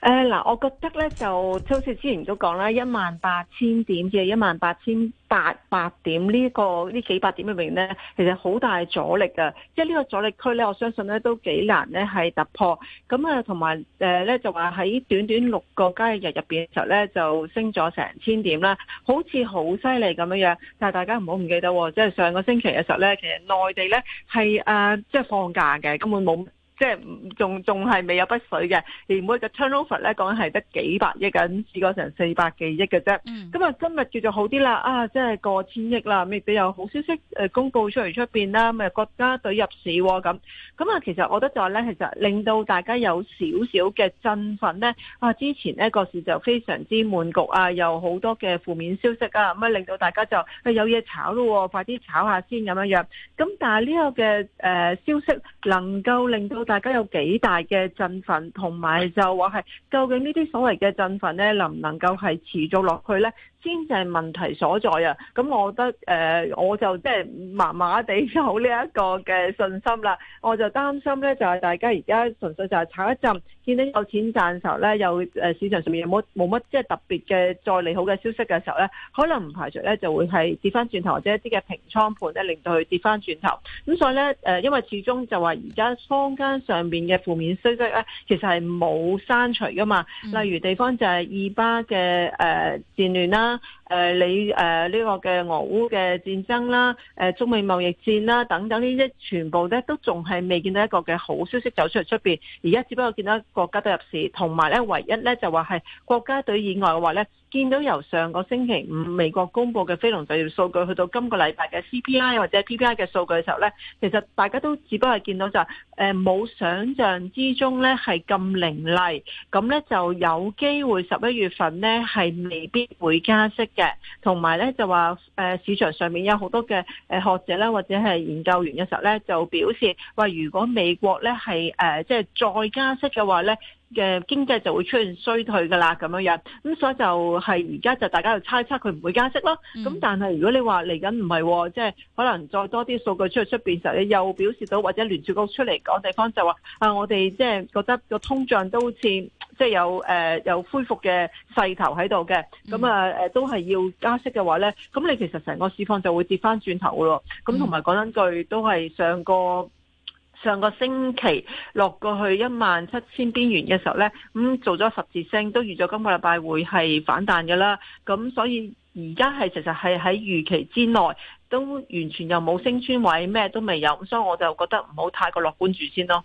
誒、呃、嗱，我覺得咧就好似之前都講啦，一萬八千點至一萬八千八百點呢，這個呢幾百點裏面咧，其實好大阻力噶，即係呢個阻力區咧，我相信咧都幾難咧係突破。咁啊，同埋誒咧就話喺短短六個交易日入邊嘅時候咧，就升咗成千點啦，好似好犀利咁樣樣。但係大家唔好唔記得，哦，即、就、係、是、上個星期嘅時候咧，其實內地咧係誒即係放假嘅，根本冇。即係仲仲係未有筆水嘅，而每一個 turnover 咧講係得幾百億緊，試過成四百幾億嘅啫。咁、嗯、啊，今日叫做好啲啦，啊，即係過千億啦，未必有好消息？公告出嚟出面啦，咪國家隊入市咁、啊。咁啊，其實我覺得就係咧，其實令到大家有少少嘅振奮咧。啊，之前呢個市就非常之悶局啊，有好多嘅負面消息啊，咁啊令到大家就、啊、有嘢炒咯、啊，快啲炒下先咁樣樣。咁、啊、但係呢個嘅、呃、消息能夠令到。大家有幾大嘅振奮，同埋就話係究竟呢啲所謂嘅振奮咧，能唔能夠係持續落去咧？先就係問題所在啊！咁我覺得誒、呃，我就即係麻麻地有呢一個嘅信心啦。我就擔心咧，就係、是、大家而家純粹就係炒一陣，見到有錢賺的時候咧，又市場上面有冇冇乜即係特別嘅再利好嘅消息嘅時候咧，可能唔排除咧就會係跌翻轉頭，或者一啲嘅平倉盤咧，令到佢跌翻轉頭。咁所以咧誒、呃，因為始終就話而家坊間上面嘅負面消息咧，其實係冇刪除噶嘛、嗯。例如地方就係以巴嘅誒戰亂啦。誒、呃，你誒呢、呃這個嘅俄烏嘅戰爭啦，誒、呃、中美貿易戰啦，等等呢啲，全部咧都仲係未見到一個嘅好消息走出嚟出邊，而家只不過見到國家隊入市，同埋咧唯一咧就話係國家隊以外嘅話咧。見到由上個星期五美國公佈嘅非農就業數據，去到今個禮拜嘅 CPI 或者 PPI 嘅數據嘅時候呢，其實大家都只不過係見到就誒、是、冇、呃、想象之中呢係咁凌厲，咁呢就有機會十一月份呢係未必會加息嘅，同埋呢就話、呃、市場上面有好多嘅誒學者呢，或者係研究員嘅時候呢，就表示話、呃、如果美國呢係誒即係再加息嘅話呢。」嘅經濟就會出現衰退噶啦咁樣樣，咁所以就係而家就大家就猜測佢唔會加息咯。咁、嗯、但係如果你話嚟緊唔係，即係可能再多啲數據出嚟出邊時候，你又表示到或者聯儲局出嚟講地方就話啊，我哋即係覺得個通脹都好似即係有誒、呃、有恢復嘅勢頭喺度嘅，咁、嗯嗯、啊都係要加息嘅話咧，咁你其實成個市況就會跌翻轉頭嘅咯。咁同埋講緊句都係上個。上個星期落過去一萬七千邊緣嘅時候呢，咁、嗯、做咗十字星，都預咗今個禮拜會係反彈嘅啦。咁、嗯、所以而家係其實係喺預期之內，都完全又冇升穿位，咩都未有。咁所以我就覺得唔好太過樂觀住先咯。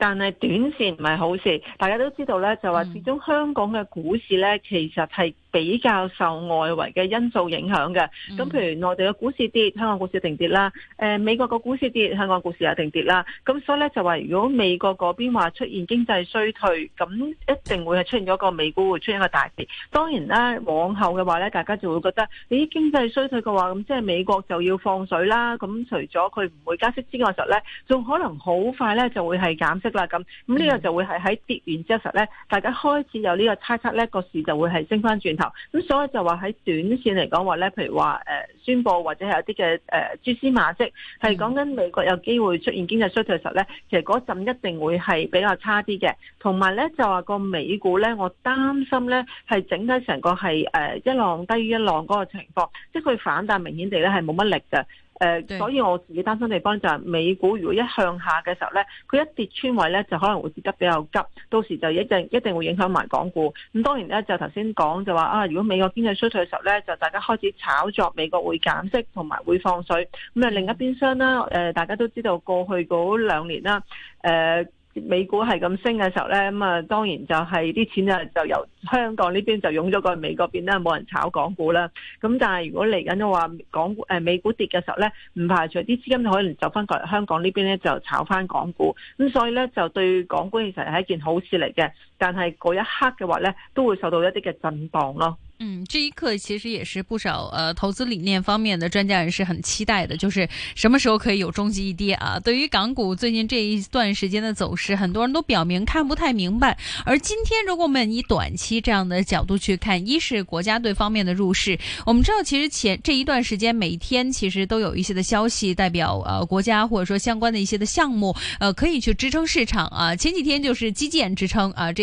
但係短線唔係好事，大家都知道咧，就話始終香港嘅股市咧，其實係比較受外圍嘅因素影響嘅。咁譬如內地嘅股市跌，香港股市定跌啦、呃。美國個股市跌，香港股市又定跌啦。咁所以咧就話，如果美國嗰邊話出現經濟衰退，咁一定會係出現咗個美股會出現一個大跌。當然啦，往後嘅話咧，大家就會覺得，咦、哎，經濟衰退嘅話，咁即係美國就要放水啦。咁除咗佢唔會加息之外時呢，實咧仲可能好快咧就會係減息。啦、嗯、咁，咁呢個就會係喺跌完之後咧，大家開始有呢個猜測咧，個市就會係升翻轉頭。咁所以就話喺短線嚟講話咧，譬如話，誒、呃、宣布，或者係有啲嘅誒，蛛絲馬跡，係講緊美國有機會出現經濟衰退嘅時候咧，其實嗰陣一定會係比較差啲嘅。同埋咧就話個美股咧，我擔心咧係整體成個係，誒、呃、一浪低於一浪嗰個情況，即係佢反彈明顯地咧係冇乜力嘅。誒、呃，所以我自己擔心地方就係美股，如果一向下嘅時候咧，佢一跌穿位咧，就可能會跌得比較急，到時就一定一定會影響埋港股。咁當然咧，就頭先講就話啊，如果美國經濟衰退嘅時候咧，就大家開始炒作美國會減息同埋會放水。咁啊，另一邊廂啦，大家都知道過去嗰兩年啦，呃美股係咁升嘅時候咧，咁啊當然就係啲錢啊就由香港呢邊就湧咗過去美國邊啦，冇人炒港股啦。咁但係如果嚟緊嘅話港誒美股跌嘅時候咧，唔排除啲資金可能走翻過香港呢邊咧就炒翻港股。咁所以咧就對港股其實係一件好事嚟嘅。但係嗰一刻嘅話呢，都會受到一啲嘅震盪咯。嗯，這一刻其實也是不少呃投資理念方面的專家人士很期待的，就是什麼時候可以有終極一跌啊？對於港股最近這一段時間的走勢，很多人都表明看不太明白。而今天如果我們以短期這樣的角度去看，一是國家隊方面的入市，我們知道其實前這一段時間每一天其實都有一些的消息代表呃國家或者說相關的一些的項目，呃可以去支撐市場啊、呃。前幾天就是基建支撐啊、呃，這。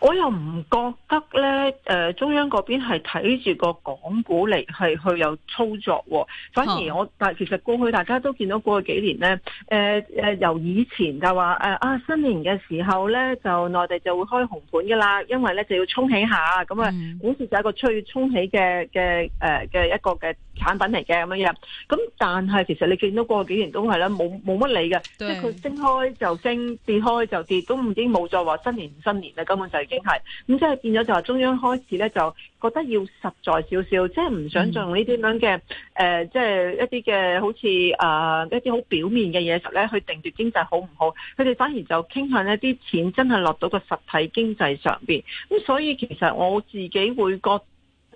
我又唔覺得咧，誒、呃、中央嗰邊係睇住個港股嚟係去有操作喎，哦，反而我但其實過去大家都見到過去幾年咧，誒、呃、誒、呃呃、由以前就話誒、呃、啊新年嘅時候咧，就內地就會開紅盤嘅啦，因為咧就要沖起下咁啊，股、嗯、市就係一個出去沖起嘅嘅誒嘅一個嘅。產品嚟嘅咁樣樣，咁但係其實你見到過幾年都係啦，冇冇乜理嘅，即係佢升開就升，跌開就跌，都已經冇再話新年唔新年啦，根本就已經係咁，即係變咗就話中央開始咧就覺得要實在少少，即係唔想再用呢啲咁嘅誒，即、嗯、係、呃就是、一啲嘅好似啊、呃、一啲好表面嘅嘢實咧去定奪經濟好唔好，佢哋反而就傾向一啲錢真係落到個實體經濟上面。咁所以其實我自己會覺。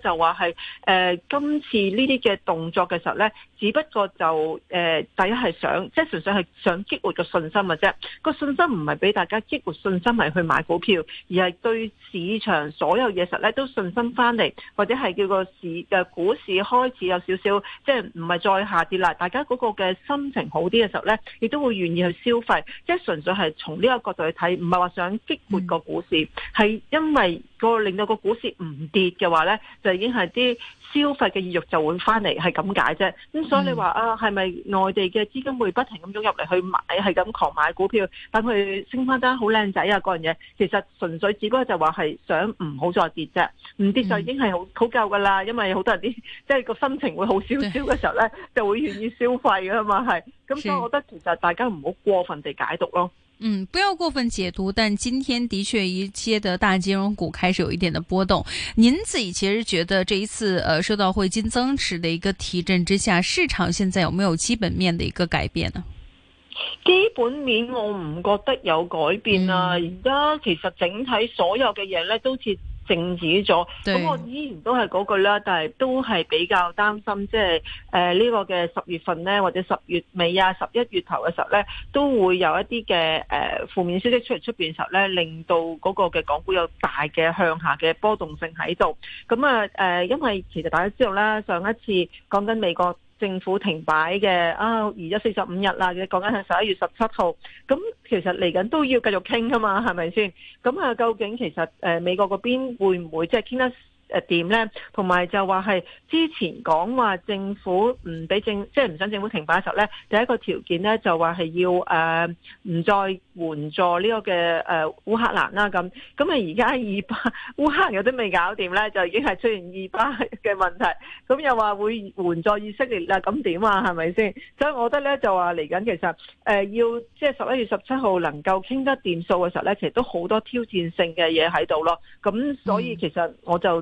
就話係誒今次呢啲嘅動作嘅時候咧，只不過就誒、呃、第一係想即係純粹係想激活個信心嘅啫。個信心唔係俾大家激活信心嚟，去買股票，而係對市場所有嘢實咧都信心翻嚟，或者係叫個市誒股市開始有少少即係唔係再下跌啦。大家嗰個嘅心情好啲嘅時候咧，亦都會願意去消費。即係純粹係從呢個角度去睇，唔係話想激活個股市，係、嗯、因為、個令到個股市唔跌嘅話咧。已經係啲消費嘅意欲就會翻嚟，係咁解啫。咁所以你話啊，係、嗯、咪內地嘅資金會不停咁湧入嚟，去買，係咁狂買股票，等佢升翻得好靚仔啊嗰樣嘢？其實純粹只不過就話係想唔好再跌啫，唔跌就已經係好夠噶啦。因為好多人啲即係個心情會好少少嘅時候咧，就會願意消費噶嘛，係。咁所以我覺得其實大家唔好過分地解讀咯。嗯，不要過分解讀，但今天的確一些的大金融股開始有一點的波動。您自己其實覺得這一次呃受到匯金增持的一個提振之下，市場現在有沒有基本面的一個改變呢？基本面我唔覺得有改變啊，而、嗯、家其實整體所有嘅嘢呢，都似。靜止咗，咁我依然都係嗰句啦，但係都係比較擔心、就是，即係誒呢個嘅十月份呢，或者十月尾啊，十一月頭嘅時候呢，都會有一啲嘅誒負面消息出嚟出邊時候呢，令到嗰個嘅港股有大嘅向下嘅波動性喺度。咁、嗯、啊、呃、因為其實大家知道啦，上一次講緊美國。政府停擺嘅啊，而家四十五日啦，你講緊係十一月十七號。咁其實嚟緊都要繼續傾㗎嘛，係咪先？咁啊，究竟其實誒美國嗰邊會唔會即係傾得？誒點咧？同埋就話係之前講話政府唔俾政，即係唔想政府停擺嘅時候咧，第一個條件咧就話係要誒唔再援助呢個嘅誒烏克蘭啦。咁咁啊，而家以巴烏克蘭有啲未搞掂咧，就已經係出現以巴嘅問題。咁又話會援助以色列啦，咁點啊？係咪先？所以我覺得咧，就話嚟緊其實誒要即係十一月十七號能夠傾得掂數嘅時候咧，其實都好多挑戰性嘅嘢喺度咯。咁所以其實我就。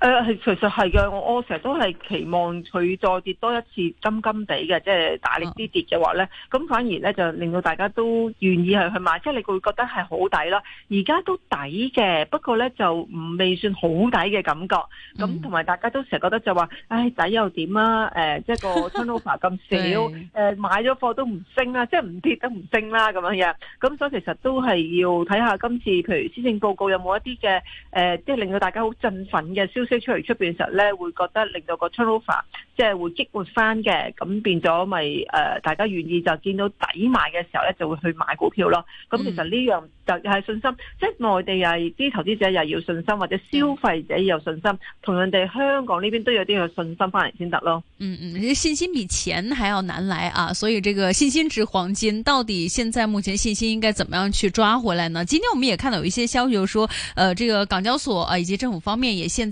誒，係，其實係嘅。我我成日都係期望佢再跌多一次，金金地嘅，即係大力啲跌嘅話咧，咁反而咧就令到大家都願意係去買，Okay. 即係你會覺得係好抵啦。而家都抵嘅，不過咧就唔未算好抵嘅感覺。咁同埋大家都成日覺得就話，唉，抵又點啊？誒、呃，即係個 turnover 咁少，誒、 呃，買咗貨都唔升啊，即係唔跌都唔升啦，咁樣樣。咁所以其實都係要睇下今次，譬如施政報告有冇一啲嘅，誒、呃，即係令到大家好振奮嘅。消息出嚟出邊時候咧，會覺得令到個 turnover 即係會激活翻嘅。咁變咗咪誒，大家願意就見到抵買嘅時候咧，就會去買股票咯。咁、嗯、其實呢樣就係信心，即係內地又係啲投資者又要信心，或者消費者有信心，同樣哋香港呢邊都有啲有信心翻嚟先得咯。嗯嗯，信心比錢還要難來啊！所以這個信心值黃金，到底現在目前信心應該怎麼樣去抓回來呢？今天我們也看到有一些消息，就說，誒、呃，這個港交所啊，以及政府方面也現。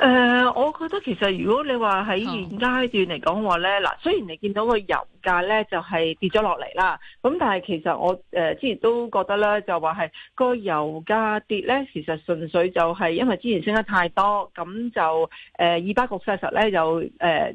誒、呃，我覺得其實如果你話喺現階段嚟講話咧，嗱，雖然你見到個油價咧就係跌咗落嚟啦，咁但係其實我之前都覺得咧，就話係個油價跌咧，其實純粹就係因為之前升得太多，咁就誒以巴局勢實咧又誒，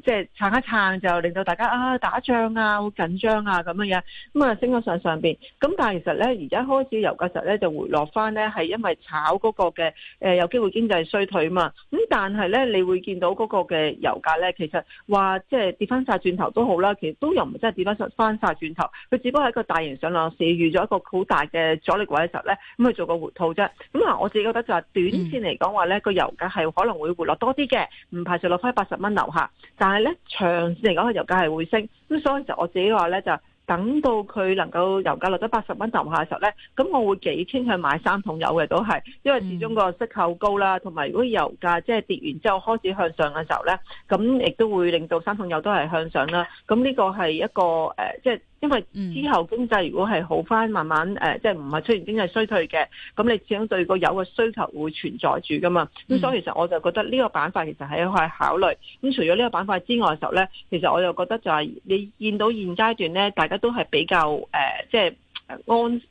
即係撐一撐就令到大家啊打仗啊好緊張啊咁樣樣，咁啊升咗上上面。咁但係其實咧而家開始油價實咧就回落翻咧，係因為炒嗰個嘅誒有機會經濟衰退啊嘛，咁但係咧，你會見到嗰個嘅油價咧，其實話即係跌翻晒轉頭都好啦，其實都又唔真係跌翻翻晒轉頭，佢只不過喺一個大型上落市遇咗一個好大嘅阻力位嘅時候咧，咁佢做個回吐啫。咁我自己覺得就係短線嚟講話咧，個、嗯、油價係可能會回落多啲嘅，唔排除落翻八十蚊樓下。但係咧，長線嚟講，個油價係會升。咁所以就我自己話咧就。等到佢能夠油價落得八十蚊樓下嘅時候咧，咁我會幾傾向買三桶油嘅，都係因為始終個息口高啦，同埋如果油價即係跌完之後開始向上嘅時候咧，咁亦都會令到三桶油都係向上啦。咁呢個係一個、呃、即係。因為之後經濟如果係好翻，慢慢誒、呃，即係唔係出現經濟衰退嘅，咁你始終對個油嘅需求會存在住噶嘛。咁、嗯、所以其實我就覺得呢個板塊其實係一考慮個考慮。咁除咗呢個板塊之外嘅時候咧，其實我就覺得就係你見到現階段咧，大家都係比較誒、呃，即係。安、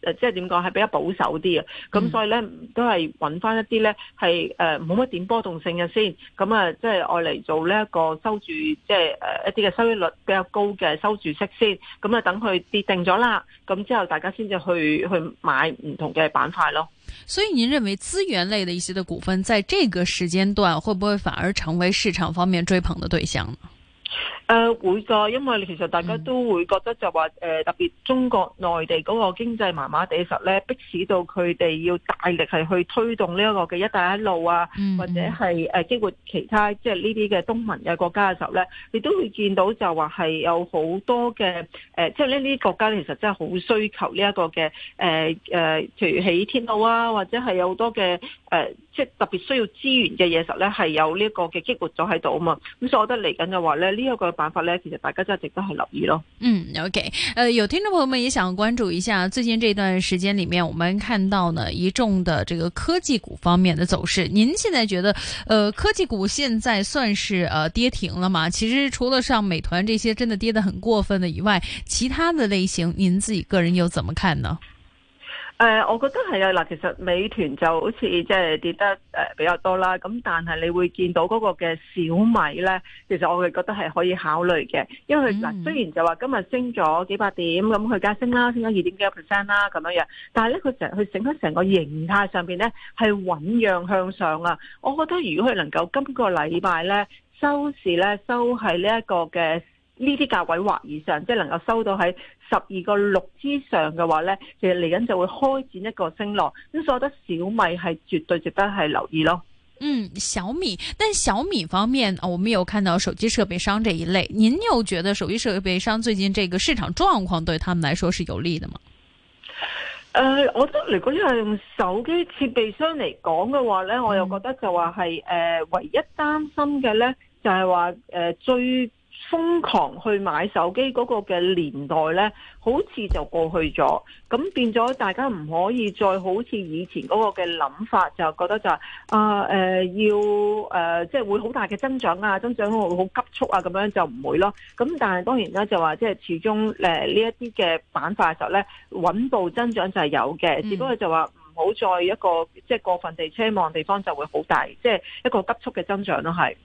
呃、即係點講係比較保守啲啊。咁所以呢，都係揾翻一啲呢，係誒冇乜點波動性嘅先，咁、嗯、啊即係愛嚟做呢一個收住，即係誒、呃、一啲嘅收益率比較高嘅收住息先，咁、嗯、啊等佢跌定咗啦，咁、嗯、之後大家先至去去買唔同嘅板塊咯。所以您認為資源類的一些嘅股份，在這個時間段會不會反而成為市場方面追捧的對象呢？誒、呃，會噶，因為其實大家都會覺得就話誒、呃，特別中國內地嗰個經濟麻麻地實咧，迫使到佢哋要大力係去推動呢一個嘅一帶一路啊，嗯嗯或者係誒激活其他即係呢啲嘅東盟嘅國家嘅時候咧，你都會見到就話係有好多嘅誒、呃，即係呢啲國家其實真係好需求呢一個嘅誒誒，譬、呃呃、如起天路啊，或者係有好多嘅誒。呃即係特別需要資源嘅嘢實咧，係有呢一個嘅激活咗喺度啊嘛，咁所以我覺得嚟緊嘅話咧，呢、這、一個辦法咧，其實大家真係值得去留意咯。嗯，OK 誒，有聽眾朋友們也想關注一下最近這段時間裏面，我們看到呢一眾的這個科技股方面的走勢。您現在覺得，誒、呃，科技股現在算是誒、呃、跌停了嗎？其實除了上美團這些真的跌得很過分的以外，其他的類型，您自己個人又怎麼看呢？誒，我覺得係啊，嗱，其實美團就好似即係跌得誒比較多啦，咁但係你會見到嗰個嘅小米咧，其實我亦覺得係可以考慮嘅，因為嗱雖然就話今日升咗幾百點，咁佢加升啦，升咗二點幾個 percent 啦咁樣樣，但係咧佢成佢整翻成個形態上邊咧係醞釀向上啊，我覺得如果佢能夠今個禮拜咧收市咧收喺呢一個嘅。呢啲價位或以上，即係能夠收到喺十二個六之上嘅話咧，其實嚟緊就會開展一個升浪。咁所以我覺得小米係絕對值得係留意咯。嗯，小米，但小米方面我們有看到手機設備商這一類，您又覺得手機設備商最近這個市場狀況對他們來說是有利的嗎？誒、呃，我覺得如果係用手機設備商嚟講嘅話咧、嗯，我又覺得就話係誒，唯一擔心嘅咧就係話誒最。瘋狂去買手機嗰個嘅年代呢，好似就過去咗，咁變咗大家唔可以再好似以前嗰個嘅諗法，就覺得就是，啊誒，呃，要誒即係會好大嘅增長啊，增長會好急速啊，咁樣就唔會咯。咁但係當然啦，就話即係始終誒呢一啲嘅板塊嘅時候呢，穩步增長就係有嘅，嗯，只不過就話唔好再一個即係、就是，過分地奢望地方就會好大，即、就、係、是、一個急速嘅增長咯，啊，係。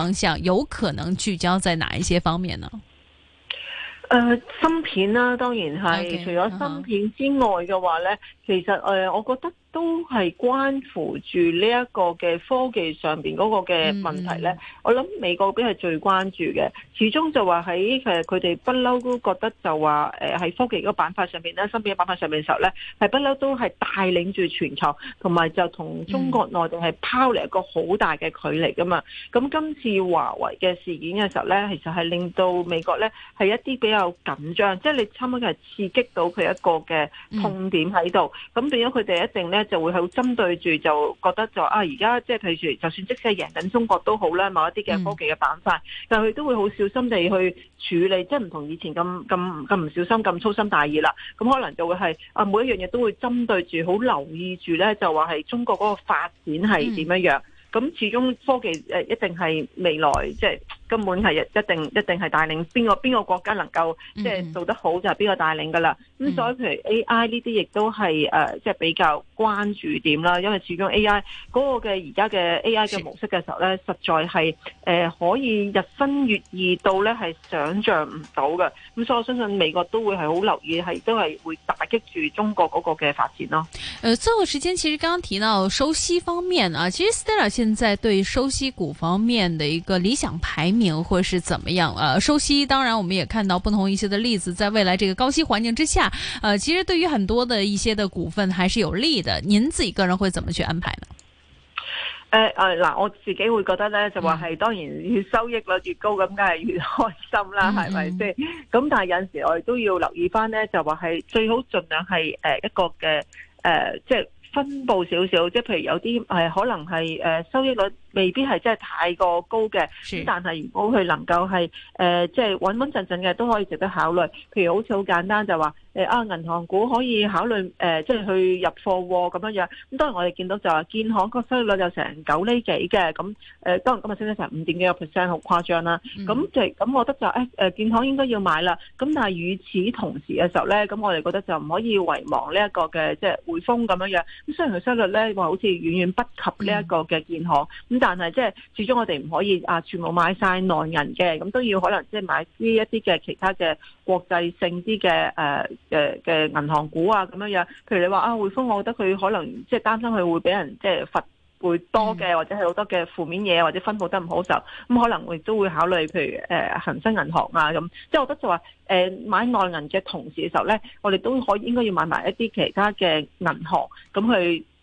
方向有可能聚焦在哪一些方面呢？誒、呃，芯片啦、啊，當然係。Okay. 除咗芯片之外嘅話咧，Uh-huh. 其實誒、呃，我覺得。都係關乎住呢一個嘅科技上邊嗰個嘅問題咧、嗯，我諗美國嗰邊係最關注嘅，始終就話喺佢哋不嬲都覺得就話喺科技嗰個板塊上邊身邊咧，芯片嘅板塊上邊嘅時候咧，係不嬲都係帶領住全球，同埋就同中國內地係拋離一個好大嘅距離噶嘛。咁、嗯、今次華為嘅事件嘅時候咧，其實係令到美國咧係一啲比較緊張，即、就、係、是、你差唔多係刺激到佢一個嘅痛點喺度，咁、嗯、變咗佢哋一定咧。就會好針對住，就覺得就啊，而家即係譬如就算即使贏緊中國都好啦，某一啲嘅科技嘅板塊，嗯、但係佢都會好小心地去處理，即係唔同以前咁咁咁唔小心咁粗心大意啦。咁可能就會係啊，每一樣嘢都會針對住，好留意住咧，就話係中國嗰個發展係點樣樣。咁、嗯、始終科技誒、呃，一定係未來即係。就是根本係一定一定係帶領，邊個邊個國家能夠即係做得好就係邊個帶領噶啦。咁、mm -hmm. 所以譬如 A.I. 呢啲，亦都係誒即係比較關注點啦，因為始終 A.I. 嗰個嘅，而家嘅 A.I. 嘅模式嘅時候咧，實在係誒、呃，可以日新月異到咧係想象唔到嘅。咁所以我相信美國都會係好留意，係都係會打擊住中國嗰個嘅發展咯。誒、呃，最後時間其實剛剛提到收息方面啊，其實 Stella 現在對收息股方面嘅一個理想排。或是怎麼樣？呃，收息當然，我們也看到不同一些的例子，在未來這個高息環境之下，呃，其實對於很多的一些的股份還是有利的。您自己個人會怎麼去安排呢？誒、呃、誒，嗱、呃，我自己會覺得呢，就話係、嗯、當然，越收益率越高咁，梗係越開心啦，係咪先？咁、嗯、 但係有時我哋都要留意返呢，就話係最好盡量係誒一個嘅誒、呃、即係。分布少少，即係譬如有啲可能係誒，收益率未必係真係太過高嘅，但係如果佢能夠係誒，即係穩穩陣陣嘅，就是、穩穩陣陣都可以值得考慮。譬如好似好簡單就話、是。誒啊！銀行股可以考慮誒、呃，即係去入貨咁、啊、樣樣。咁當然我哋見到就話，建行個收益率有成九厘幾嘅，咁、嗯、誒、呃、當然今日升得成五點幾個 percent，好誇張啦、啊。咁、嗯、就係咁，我覺得就誒建行應該要買啦。咁但係與此同時嘅時候咧，咁我哋覺得就唔可以遺忘呢一個嘅即係匯豐咁樣樣。咁雖然佢收益率咧話好似遠遠不及呢一個嘅建行，咁、嗯、但係即係始終我哋唔可以啊，全部買晒內銀嘅，咁都要可能即係買呢一啲嘅其他嘅國際性啲嘅誒。啊嘅嘅銀行股啊，咁樣樣，譬如你話啊，匯豐，我覺得佢可能即係擔心佢會俾人即係罰會多嘅，或者係好多嘅負面嘢，或者分佈得唔好就時咁、嗯、可能我都會考慮，譬如誒、呃、恒生銀行啊，咁即係我覺得就話誒、呃、買內銀嘅同時嘅時候咧，我哋都可以應該要買埋一啲其他嘅銀行咁去。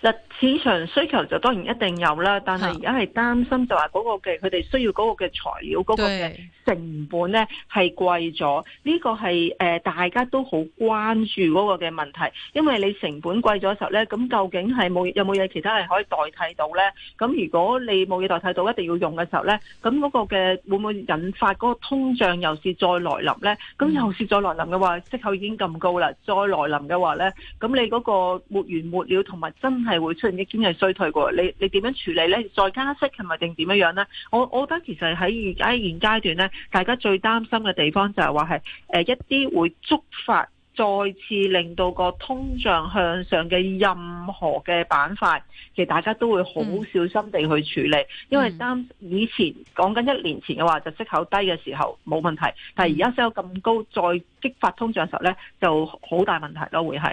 嗱，市場需求就當然一定有啦，但係而家係擔心就話嗰個嘅佢哋需要嗰個嘅材料嗰、嗰個嘅成本咧係貴咗。呢、呢個係誒、呃、大家都好關注嗰個嘅問題，因為你成本貴咗時候咧，咁究竟係冇有冇嘢其他係可以代替到咧？咁如果你冇嘢代替到，一定要用嘅時候咧，咁嗰個嘅會唔會引發嗰個通脹又市再來臨咧？咁又市再來臨嘅話，息口已經咁高啦，再來臨嘅話咧，咁你嗰個沒完沒了同埋真係會出現一啲經濟衰退嘅，你你點樣處理呢？再加息係咪定點樣樣呢？我我覺得其實喺而家現階段呢，大家最擔心嘅地方就係話係誒一啲會觸發再次令到個通脹向上嘅任何嘅板塊，其實大家都會好小心地去處理，嗯、因為擔以前講緊一年前嘅話就息口低嘅時候冇問題，但係而家息口咁高再激發通脹時候呢，就好大問題咯，會係。